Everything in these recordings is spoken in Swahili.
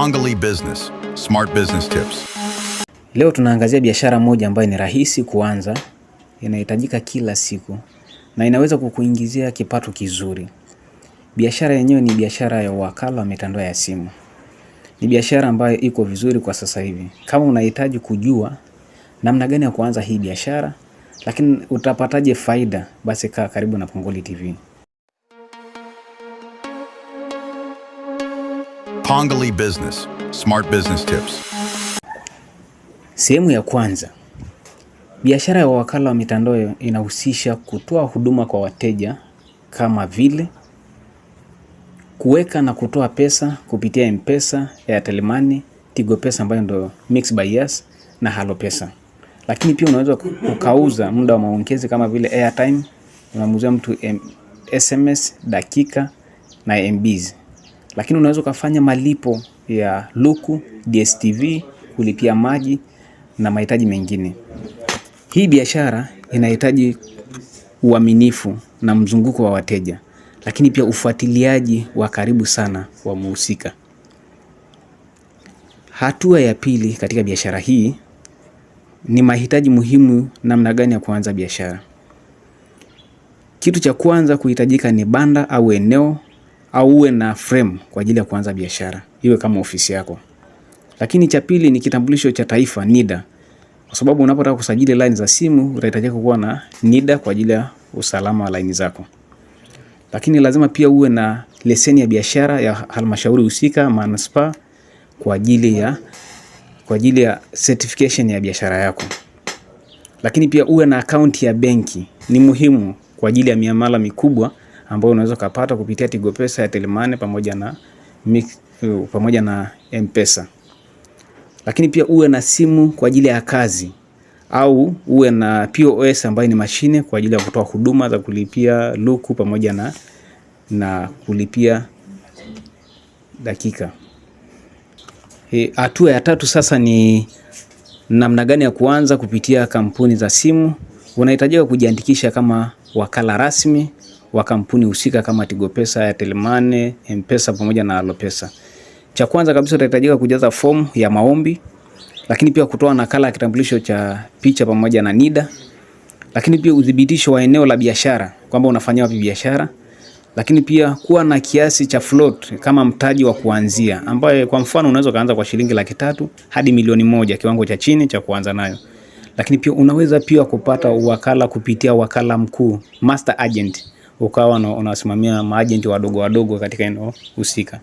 Kongoli Business, Smart Business Tips. Leo tunaangazia biashara moja ambayo ni rahisi kuanza, inahitajika kila siku na inaweza kukuingizia kipato kizuri. Biashara yenyewe ni biashara ya wakala wa mitandao ya simu. Ni biashara ambayo iko vizuri kwa sasa hivi. Kama unahitaji kujua namna gani ya kuanza hii biashara, lakini utapataje faida, basi kaa karibu na Kongoli TV. Pongali Business, Smart Business Tips. Sehemu ya kwanza. Biashara ya wakala wa mitandao inahusisha kutoa huduma kwa wateja kama vile kuweka na kutoa pesa kupitia M-Pesa, Airtel Money, Tigo Pesa ambayo ndio Mix by Yes na Halo Pesa. Lakini pia unaweza ukauza muda wa maongezi kama vile airtime, unamuuzia mtu SMS, dakika na MBs lakini unaweza ukafanya malipo ya luku, DStv, kulipia maji na mahitaji mengine. Hii biashara inahitaji uaminifu na mzunguko wa wateja, lakini pia ufuatiliaji wa karibu sana wa muhusika. Hatua ya pili katika biashara hii ni mahitaji muhimu. Namna gani ya kuanza biashara? Kitu cha kwanza kuhitajika ni banda au eneo au uwe na frame kwa ajili ya kuanza biashara, iwe kama ofisi yako. Lakini cha pili ni kitambulisho cha taifa, NIDA, kwa sababu unapotaka kusajili line za simu utahitaji kuwa na NIDA kwa ajili ya usalama wa line zako. Lakini lazima pia uwe na leseni ya biashara ya halmashauri husika, manispaa, kwa ajili ya kwa ajili ya certification ya biashara yako. Lakini pia uwe na akaunti ya benki, ni muhimu kwa ajili ya miamala mikubwa ambayo unaweza ukapata kupitia Tigo Pesa, Airtel Money pamoja na uh, pamoja na M-Pesa. Lakini pia uwe na simu kwa ajili ya kazi au uwe na POS ambayo ni mashine kwa ajili ya kutoa huduma za kulipia luku pamoja na, na kulipia dakika. E, hatua e, ya tatu sasa ni namna gani ya kuanza kupitia kampuni za simu. Unahitajika kujiandikisha kama wakala rasmi wa kampuni husika kama Tigo Pesa, Airtel Money, M-Pesa pamoja na Alopesa. Cha kwanza kabisa utahitajika kujaza fomu ya maombi, lakini pia kutoa nakala ya kitambulisho cha picha pamoja na NIDA, lakini pia udhibitisho wa eneo la biashara kwamba unafanya wapi biashara, lakini pia kuwa na kiasi cha float kama mtaji wa kuanzia, ambaye kwa mfano unaweza kaanza kwa shilingi laki tatu hadi milioni moja, kiwango cha chini cha kuanza nayo. Lakini pia unaweza pia kupata wakala kupitia wakala mkuu master agent ukawa unawasimamia maajenti wadogo wadogo katika eneo husika.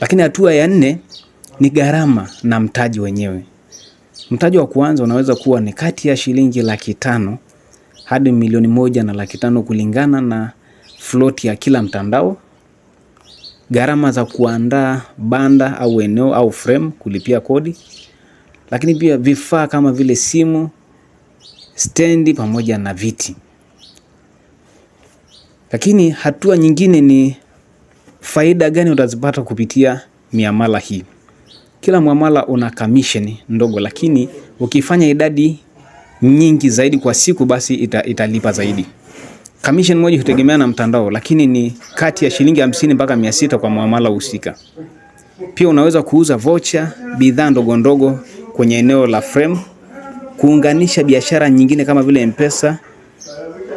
Lakini hatua ya nne ni gharama na mtaji wenyewe. Mtaji wa kwanza unaweza kuwa ni kati ya shilingi laki tano hadi milioni moja na laki tano kulingana na float ya kila mtandao. Gharama za kuandaa banda au eneo au frame, kulipia kodi, lakini pia vifaa kama vile simu, stendi pamoja na viti. Lakini hatua nyingine ni faida gani utazipata kupitia miamala hii? Kila muamala una commission ndogo, lakini ukifanya idadi nyingi zaidi kwa siku, basi ita, italipa zaidi. Commission moja hutegemea na mtandao, lakini ni kati ya shilingi hamsini mpaka mia sita kwa muamala husika. Pia unaweza kuuza vocha, bidhaa ndogo ndogo kwenye eneo la Frame, kuunganisha biashara nyingine kama vile mpesa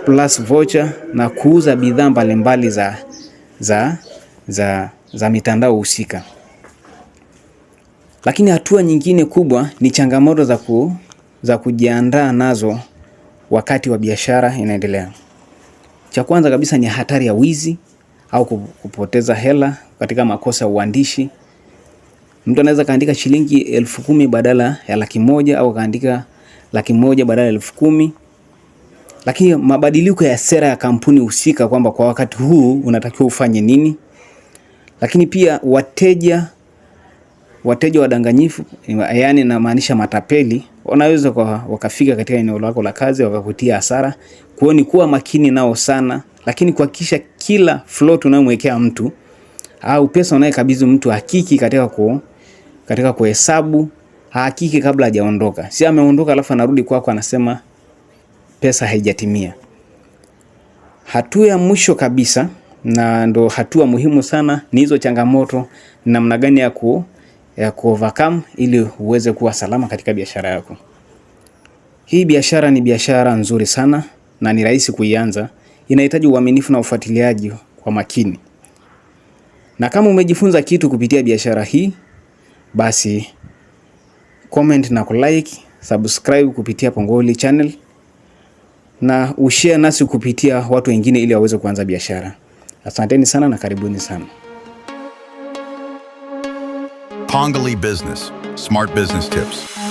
plus voucher na kuuza bidhaa mbalimbali za, za, za, za mitandao husika. Lakini hatua nyingine kubwa ni changamoto za, ku, za kujiandaa nazo wakati wa biashara inaendelea. Cha kwanza kabisa ni hatari ya wizi au kupoteza hela katika makosa ya uandishi. Mtu anaweza kaandika shilingi elfu kumi badala ya laki moja au kaandika laki moja badala ya elfu kumi. Lakini mabadiliko ya sera ya kampuni husika kwamba kwa wakati huu unatakiwa ufanye nini. Lakini pia wateja wateja wadanganyifu, yaani namaanisha matapeli, wanaweza kwa wakafika katika eneo lako la kazi wakakutia hasara. Kwa ni kuwa makini nao sana, lakini kuhakikisha kila float unayomwekea mtu au pesa unayekabidhi mtu hakiki katika ku, katika kuhesabu hakiki kabla hajaondoka, si ameondoka alafu anarudi kwako anasema pesa haijatimia. Hatua ya mwisho kabisa na ndo hatua muhimu sana ni hizo changamoto, namna gani ya ku ya ku overcome ili uweze kuwa salama katika biashara yako. Hii biashara ni biashara nzuri sana na ni rahisi kuianza, inahitaji uaminifu na ufuatiliaji kwa makini. Na kama umejifunza kitu kupitia biashara hii, basi comment na kulike, subscribe kupitia Pongoli channel na ushare nasi kupitia watu wengine ili waweze kuanza biashara. Asanteni sana na karibuni sana. Pongoli Business, Smart Business Tips.